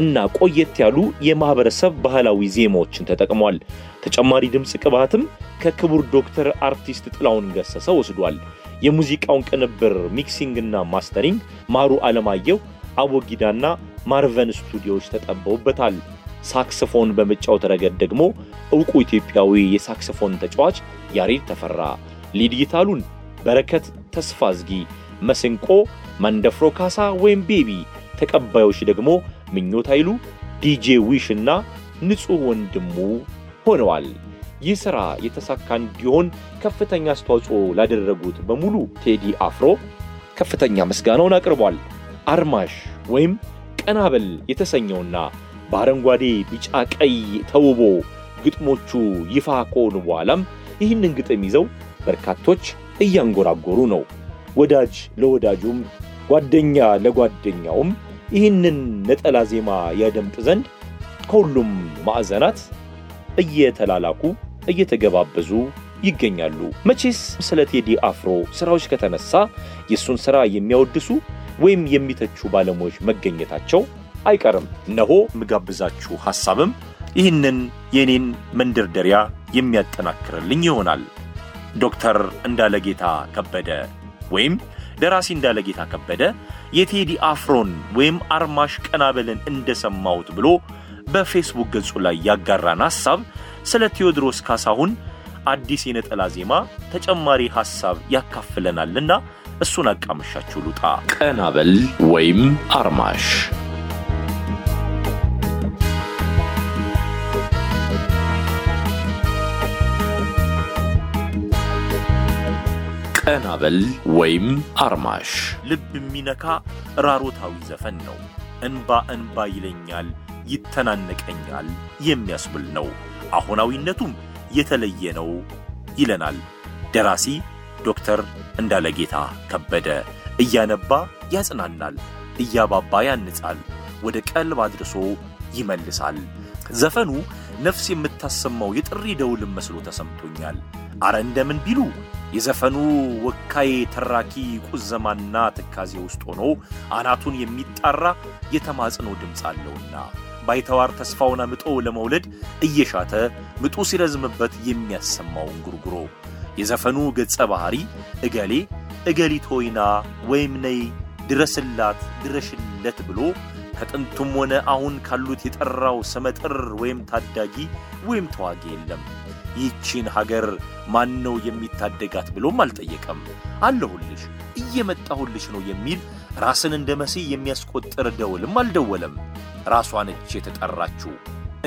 እና ቆየት ያሉ የማህበረሰብ ባህላዊ ዜማዎችን ተጠቅሟል። ተጨማሪ ድምፅ ቅባትም ከክቡር ዶክተር አርቲስት ጥላውን ገሰሰ ወስዷል። የሙዚቃውን ቅንብር ሚክሲንግና ማስተሪንግ ማሩ አለማየሁ፣ አቦጊዳና ማርቨን ስቱዲዮዎች ተጠበውበታል። ሳክስፎን በመጫወት ረገድ ደግሞ እውቁ ኢትዮጵያዊ የሳክስፎን ተጫዋች ያሬድ ተፈራ፣ ሊድ በረከት ተስፋ አዝጊ መስንቆ መንደፍሮ ካሳ ወይም ቤቢ፣ ተቀባዮች ደግሞ ምኞት ኃይሉ ዲጄ ዊሽ እና ንጹሕ ወንድሙ ሆነዋል። ይህ ሥራ የተሳካ እንዲሆን ከፍተኛ አስተዋጽኦ ላደረጉት በሙሉ ቴዲ አፍሮ ከፍተኛ ምስጋናውን አቅርቧል። አርማሽ ወይም ቀናበል የተሰኘውና በአረንጓዴ ቢጫ፣ ቀይ ተውቦ ግጥሞቹ ይፋ ከሆኑ በኋላም ይህንን ግጥም ይዘው በርካቶች እያንጎራጎሩ ነው። ወዳጅ ለወዳጁም ጓደኛ ለጓደኛውም ይህንን ነጠላ ዜማ ያደምጡ ዘንድ ከሁሉም ማዕዘናት እየተላላኩ እየተገባበዙ ይገኛሉ። መቼስ ስለ ቴዲ አፍሮ ስራዎች ከተነሳ የእሱን ስራ የሚያወድሱ ወይም የሚተቹ ባለሙያዎች መገኘታቸው አይቀርም። እነሆ የምጋብዛችሁ ሐሳብም ይህንን የኔን መንደርደሪያ የሚያጠናክርልኝ ይሆናል። ዶክተር እንዳለጌታ ከበደ ወይም ደራሲ እንዳለጌታ ከበደ የቴዲ አፍሮን ወይም አርማሽ ቀናበልን እንደሰማሁት ብሎ በፌስቡክ ገጹ ላይ ያጋራን ሐሳብ ስለ ቴዎድሮስ ካሳሁን አዲስ የነጠላ ዜማ ተጨማሪ ሐሳብ ያካፍለናልና እሱን አቃመሻችሁ ልውጣ። ቀናበል ወይም አርማሽ ጠናበል ወይም አርማሽ ልብ የሚነካ ራሮታዊ ዘፈን ነው። እንባ እንባ ይለኛል ይተናነቀኛል የሚያስብል ነው። አሁናዊነቱም የተለየ ነው ይለናል ደራሲ ዶክተር እንዳለጌታ ከበደ። እያነባ ያጽናናል፣ እያባባ ያንጻል፣ ወደ ቀልብ አድርሶ ይመልሳል። ዘፈኑ ነፍስ የምታሰማው የጥሪ ደውል መስሎ ተሰምቶኛል። አረ እንደምን ቢሉ የዘፈኑ ወካይ ተራኪ ቁዘማና ትካዜ ውስጥ ሆኖ አናቱን የሚጣራ የተማጽኖ ድምፅ አለውና ባይተዋር ተስፋውን አምጦ ለመውለድ እየሻተ ምጡ ሲረዝምበት የሚያሰማው ጉርጉሮ የዘፈኑ ገጸ ባህሪ እገሌ እገሊት ሆይና ወይም ነይ ድረስላት ድረሽለት ብሎ ከጥንቱም ሆነ አሁን ካሉት የጠራው ሰመጥር ወይም ታዳጊ ወይም ተዋጊ የለም። ይህቺን ሀገር ማን ነው የሚታደጋት ብሎም አልጠየቀም። አለሁልሽ፣ እየመጣሁልሽ ነው የሚል ራስን እንደ መሲህ የሚያስቆጥር ደውልም አልደወለም። ራሷ ነች የተጠራችው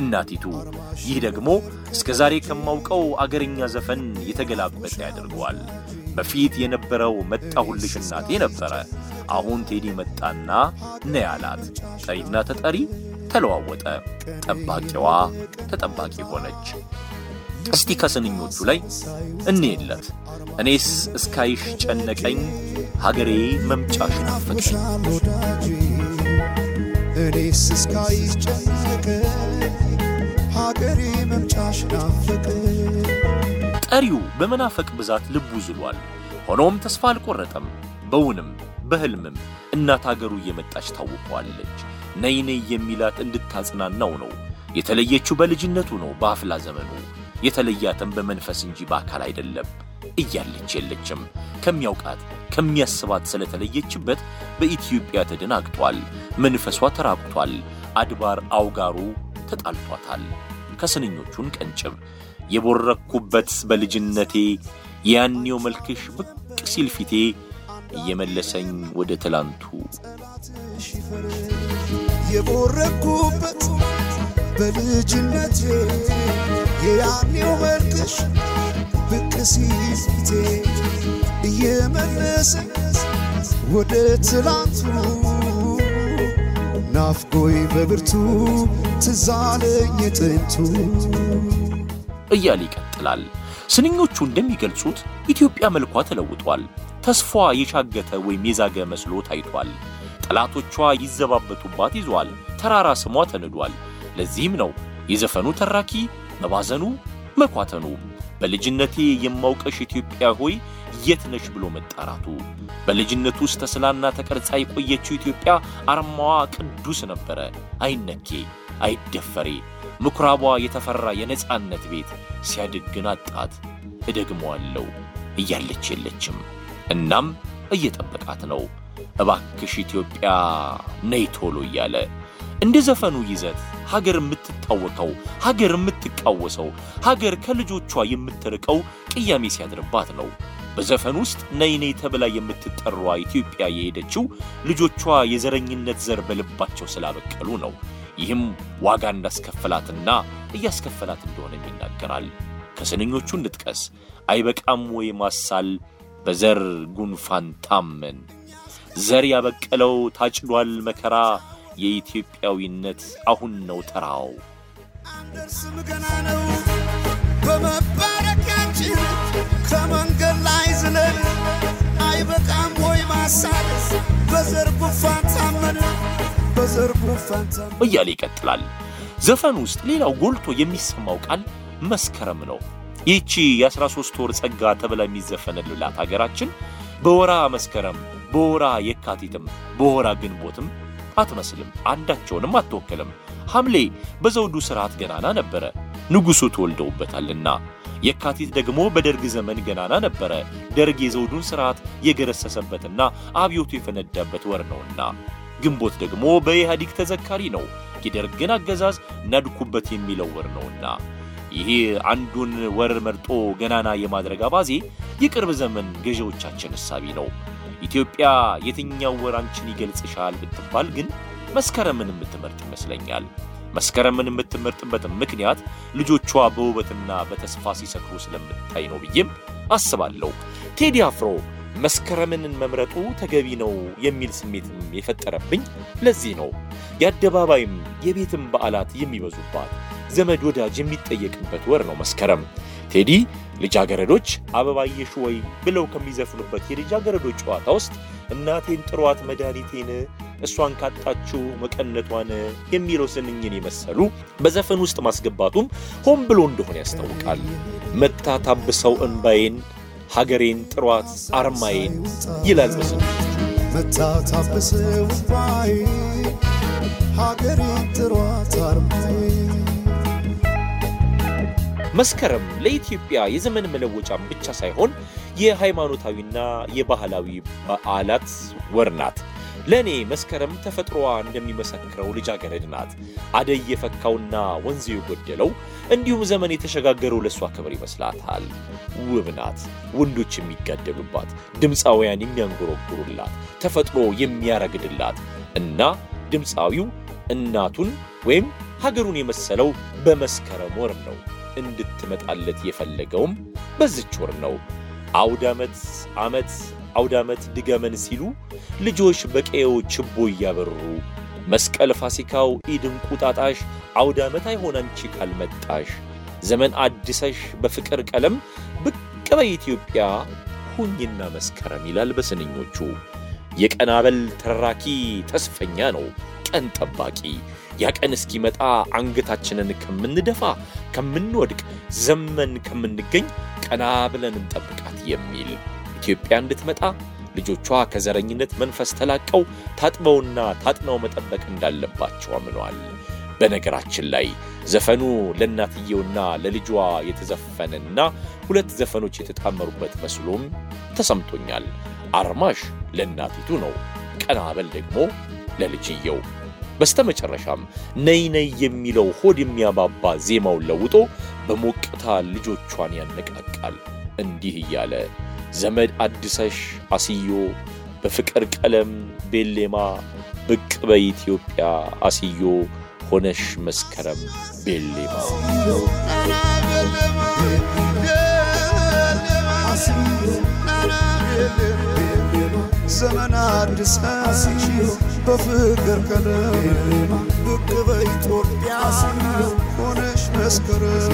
እናቲቱ። ይህ ደግሞ እስከ ዛሬ ከማውቀው አገርኛ ዘፈን የተገላበጠ ያደርገዋል። በፊት የነበረው መጣሁልሽ እናቴ ነበረ። አሁን ቴዲ መጣና ነይ ያላት ጠሪና ተጠሪ ተለዋወጠ። ጠባቂዋ ተጠባቂ ሆነች። እስቲ ከስንኞቹ ላይ እንየለት። እኔስ እስካይሽ ጨነቀኝ፣ ሀገሬ መምጫሽ ናፈቀኝ። እኔስ እስካይሽ ጨነቀኝ፣ ሀገሬ መምጫሽ ናፈቀኝ። ጠሪው በመናፈቅ ብዛት ልቡ ዝሏል። ሆኖም ተስፋ አልቆረጠም። በውንም በህልምም እናት አገሩ እየመጣች ታውቀዋለች። ነይ ነይ የሚላት እንድታጽናናው ነው። የተለየችው በልጅነቱ ነው፣ በአፍላ ዘመኑ የተለያትም በመንፈስ እንጂ በአካል አይደለም። እያለች የለችም። ከሚያውቃት ከሚያስባት ስለተለየችበት በኢትዮጵያ ተደናግጧል። መንፈሷ ተራቁቷል። አድባር አውጋሩ ተጣልቷታል። ከስንኞቹን ቀንጭብ የቦረኩበት በልጅነቴ ያኔው መልክሽ ብቅ ሲል ፊቴ እየመለሰኝ ወደ ትላንቱ የቦረኩበት በልጅነቴ የያኔው መልክሽ ብቅ ሲል ፊቴ እየመለሰኝ ወደ ትላንቱ ናፍቆይ በብርቱ ትዛለኝ ጥንቱ እያል ይቀጥላል። ስንኞቹ እንደሚገልጹት ኢትዮጵያ መልኳ ተለውጧል። ተስፋዋ የሻገተ ወይም የዛገ መስሎ ታይቷል። ጠላቶቿ ይዘባበቱባት ይዟል። ተራራ ስሟ ተንዷል። ለዚህም ነው የዘፈኑ ተራኪ መባዘኑ መኳተኑ በልጅነቴ የማውቀሽ ኢትዮጵያ ሆይ የት ነሽ ብሎ መጣራቱ። በልጅነቱ ውስጥ ተስላና ተቀርጻ የቆየችው ኢትዮጵያ አርማዋ ቅዱስ ነበረ አይነኬ አይደፈሬ ምኩራቧ የተፈራ የነጻነት ቤት ሲያድግን አጣት እደግመዋለሁ እያለች የለችም። እናም እየጠበቃት ነው። እባክሽ ኢትዮጵያ ነይ ቶሎ እያለ እንደ ዘፈኑ ይዘት ሀገር የምትታወቀው ሀገር የምትቃወሰው ሀገር ከልጆቿ የምትርቀው ቅያሜ ሲያድርባት ነው። በዘፈን ውስጥ ነይ ነይ ተብላ የምትጠሯ ኢትዮጵያ የሄደችው ልጆቿ የዘረኝነት ዘር በልባቸው ስላበቀሉ ነው። ይህም ዋጋ እንዳስከፈላትና እያስከፈላት እንደሆነ ይናገራል። ከስንኞቹ እንጥቀስ። አይበቃም ወይ ማሳል በዘር ጉንፋን ታመን ዘር ያበቀለው ታጭዷል መከራ የኢትዮጵያዊነት አሁን ነው ተራው አንደርስም ገና ነው በመባረኪያችን ከመንገድ ላይ ዝለን አይበቃም ወይ ማሳል በዘር ጉንፋን ታመን እያለ ይቀጥላል። ዘፈን ውስጥ ሌላው ጎልቶ የሚሰማው ቃል መስከረም ነው። ይህቺ የ13 ወር ጸጋ ተብላ የሚዘፈንልላት አገራችን በወራ መስከረም፣ በወራ የካቲትም፣ በወራ ግንቦትም አትመስልም። አንዳቸውንም አትወክልም። ሐምሌ በዘውዱ ሥርዓት ገናና ነበረ፣ ንጉሡ ተወልደውበታልና። የካቲት ደግሞ በደርግ ዘመን ገናና ነበረ፣ ደርግ የዘውዱን ሥርዓት የገረሰሰበትና አብዮቱ የፈነዳበት ወር ነውና። ግንቦት ደግሞ በኢህአዲግ ተዘካሪ ነው። የደርግን አገዛዝ ነድኩበት የሚለው ወር ነውና ይህ አንዱን ወር መርጦ ገናና የማድረግ አባዜ የቅርብ ዘመን ገዢዎቻችን እሳቢ ነው። ኢትዮጵያ የትኛው ወር አንቺን ይገልጽሻል ብትባል ግን መስከረምን የምትመርጥ ይመስለኛል። መስከረምን የምትመርጥበት ምክንያት ልጆቿ በውበትና በተስፋ ሲሰክሩ ስለምታይ ነው ብዬም አስባለሁ። ቴዲ አፍሮ መስከረምንን መምረጡ ተገቢ ነው የሚል ስሜትም የፈጠረብኝ ለዚህ ነው። የአደባባይም የቤትም በዓላት የሚበዙባት ዘመድ ወዳጅ የሚጠየቅበት ወር ነው መስከረም። ቴዲ ልጃገረዶች አበባየሽ ወይ ብለው ከሚዘፍኑበት የልጃገረዶች ጨዋታ ውስጥ እናቴን ጥሯት መድኃኒቴን እሷን ካጣችው መቀነቷን የሚለው ስንኝን የመሰሉ በዘፈን ውስጥ ማስገባቱም ሆን ብሎ እንደሆነ ያስታውቃል። መታ ታብሰው እንባዬን ሀገሬን ጥሯት አርማዬን ይላል መስከረም ለኢትዮጵያ የዘመን መለወጫም ብቻ ሳይሆን የሃይማኖታዊና የባህላዊ በዓላት ወር ናት። ለእኔ መስከረም ተፈጥሮዋ እንደሚመሰክረው ልጃገረድ ናት። አደይ የፈካውና ወንዝ የጎደለው እንዲሁም ዘመን የተሸጋገረው ለእሷ ክብር ይመስላታል። ውብ ናት፣ ወንዶች የሚጋደሉባት፣ ድምፃውያን የሚያንጎረጉሩላት፣ ተፈጥሮ የሚያረግድላት እና ድምፃዊው እናቱን ወይም ሀገሩን የመሰለው በመስከረም ወር ነው። እንድትመጣለት የፈለገውም በዝች ወር ነው። አውድ ዓመት ዓመት አውደ ዓመት ድገመን ሲሉ ልጆች በቀዬው ችቦ እያበሩ መስቀል ፋሲካው፣ ኢድ እንቁጣጣሽ፣ አውደ ዓመት አይሆን አንቺ ካልመጣሽ፣ ዘመን አድሰሽ በፍቅር ቀለም ብቅ በኢትዮጵያ ኢትዮጵያ ሁኝና መስከረም ይላል በስንኞቹ። የቀናበል ተራኪ ተስፈኛ ነው ቀን ጠባቂ ያ ቀን እስኪመጣ አንገታችንን ከምንደፋ ከምንወድቅ ዘመን ከምንገኝ ቀና ብለን እንጠብቃት የሚል ኢትዮጵያ እንድትመጣ ልጆቿ ከዘረኝነት መንፈስ ተላቀው ታጥበውና ታጥነው መጠበቅ እንዳለባቸው አምነዋል። በነገራችን ላይ ዘፈኑ ለእናትየውና ለልጇ የተዘፈነና ሁለት ዘፈኖች የተጣመሩበት መስሎም ተሰምቶኛል። አርማሽ ለእናቲቱ ነው፣ ቀና በል ደግሞ ለልጅየው። በስተመጨረሻም ነይ ነይ የሚለው ሆድ የሚያባባ ዜማውን ለውጦ በሞቅታ ልጆቿን ያነቃቃል። እንዲህ እያለ ዘመድ አድሰሽ አስዮ በፍቅር ቀለም ቤሌማ ብቅ በኢትዮጵያ አስዮ ሆነሽ መስከረም ቤሌማ ዘመን አድሰሽ በፍቅር ቀለም ብቅ በኢትዮጵያ ሆነሽ መስከረም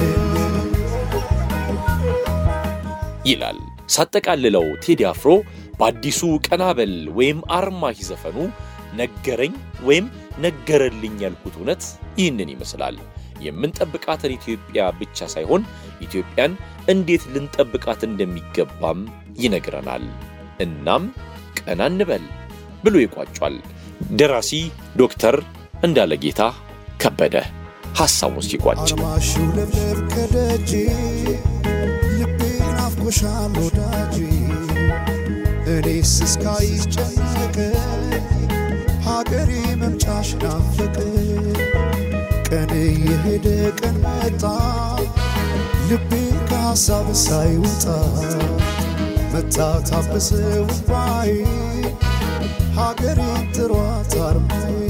ይላል። ሳጠቃልለው ቴዲ አፍሮ በአዲሱ ቀናበል ወይም አርማሽ ዘፈኑ ነገረኝ ወይም ነገረልኝ ያልኩት እውነት ይህንን ይመስላል። የምንጠብቃትን ኢትዮጵያ ብቻ ሳይሆን ኢትዮጵያን እንዴት ልንጠብቃት እንደሚገባም ይነግረናል። እናም ቀና እንበል ብሎ ይቋጫል። ደራሲ ዶክተር እንዳለ ጌታ ከበደ ሐሳቡን ሲቋጭ ብሎሻል ወዳጅ እኔስ እስካይጨነቅ ሀገሬ መምጫሽ ናፍቅ ቀን የሄደ ቀን መጣ ልቤን ከሀሳብ ሳይወጣ መታ ታበሰ ውባይ ሀገሬን ጥሯት አርማዬ